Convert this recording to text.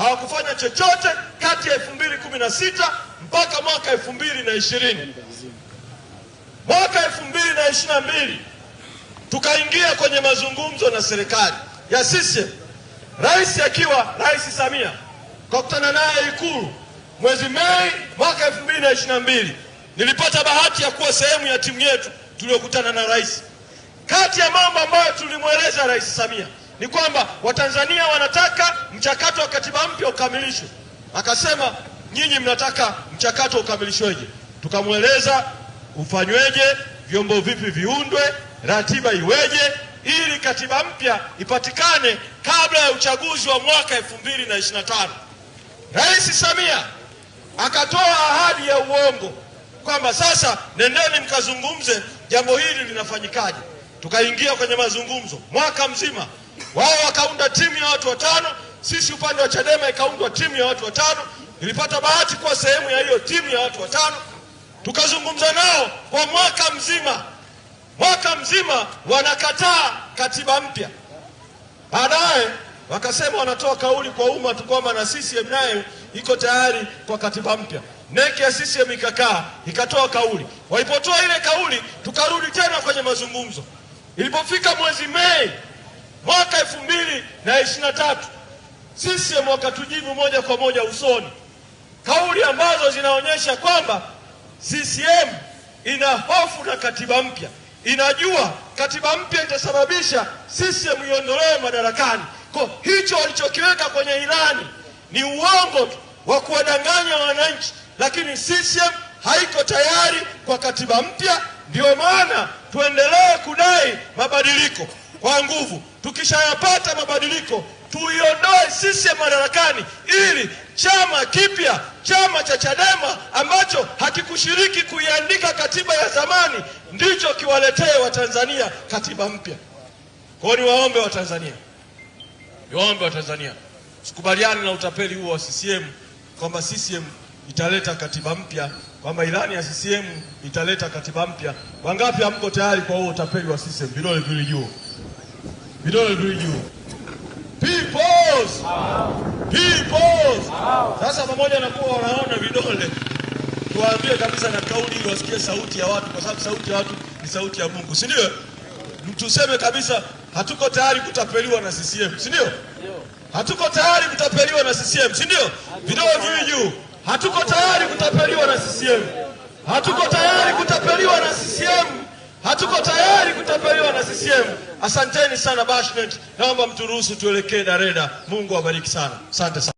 hawakufanya chochote kati ya elfu mbili kumi na sita mpaka mwaka elfu mbili na ishirini Mwaka elfu mbili na ishirini na mbili tukaingia kwenye mazungumzo na serikali ya sisi rais akiwa Rais Samia kakutana naye Ikulu mwezi Mei mwaka elfu mbili na ishirini na mbili. Nilipata bahati ya kuwa sehemu ya timu yetu tuliokutana na rais. Kati ya mambo ambayo tulimweleza Rais Samia ni kwamba Watanzania wanataka mchakato wa katiba mpya ukamilishwe. Akasema nyinyi mnataka mchakato ukamilishweje? Tukamweleza ufanyweje, vyombo vipi viundwe, ratiba iweje, ili katiba mpya ipatikane kabla ya uchaguzi wa mwaka elfu mbili na ishirini na tano. Rais Samia akatoa ahadi ya uongo kwamba sasa nendeni mkazungumze jambo hili linafanyikaje. Tukaingia kwenye mazungumzo mwaka mzima. Wao wakaunda timu ya watu watano, sisi upande wa Chadema ikaundwa timu ya watu watano. Nilipata bahati kuwa sehemu ya hiyo timu ya watu watano, tukazungumza nao kwa mwaka mzima. Mwaka mzima wanakataa katiba mpya. Baadaye wakasema wanatoa kauli kwa umma tu kwamba na CCM nayo iko tayari kwa katiba mpya. neki ya CCM ikakaa ikatoa kauli. Walipotoa ile kauli, tukarudi tena kwenye mazungumzo. Ilipofika mwezi Mei Mwaka elfu mbili na ishirini na tatu CCM wakatujibu moja kwa moja usoni kauli ambazo zinaonyesha kwamba CCM ina hofu na katiba mpya, inajua katiba mpya itasababisha CCM iondolewe madarakani. Kwa hicho walichokiweka kwenye ilani ni uongo tu wa kuwadanganya wananchi, lakini CCM haiko tayari kwa katiba mpya. ndio maana tuendelee kudai mabadiliko kwa nguvu. Tukishayapata mabadiliko, tuiondoe sisi madarakani, ili chama kipya, chama cha Chadema ambacho hakikushiriki kuiandika katiba ya zamani ndicho kiwaletee Watanzania katiba mpya. Kwa hiyo niwaombe Watanzania, niwaombe Watanzania, sikubaliani na utapeli huo wa CCM kwamba CCM italeta katiba mpya, kwamba ilani ya CCM italeta katiba mpya. Wangapi hamko tayari kwa huo utapeli wa CCM? Vidole vili juu vidole vii juu. Sasa pamoja na kuwa wanaona vidole, tuwaambie kabisa na kauli ili wasikie sauti ya watu, kwa sababu sauti ya watu ni sauti ya Mungu, si ndio? Tuseme kabisa hatuko tayari kutapeliwa na CCM, si ndio? Hatuko tayari kutapeliwa na CCM, si ndio? Vidole vii juu. Hatuko tayari kutapeliwa na CCM. Hatuko tayari Hatuko tayari kutapeliwa na CCM. Asanteni sana BASHNET, naomba mturuhusu tuelekee Dareda. Mungu awabariki sana, asante sana.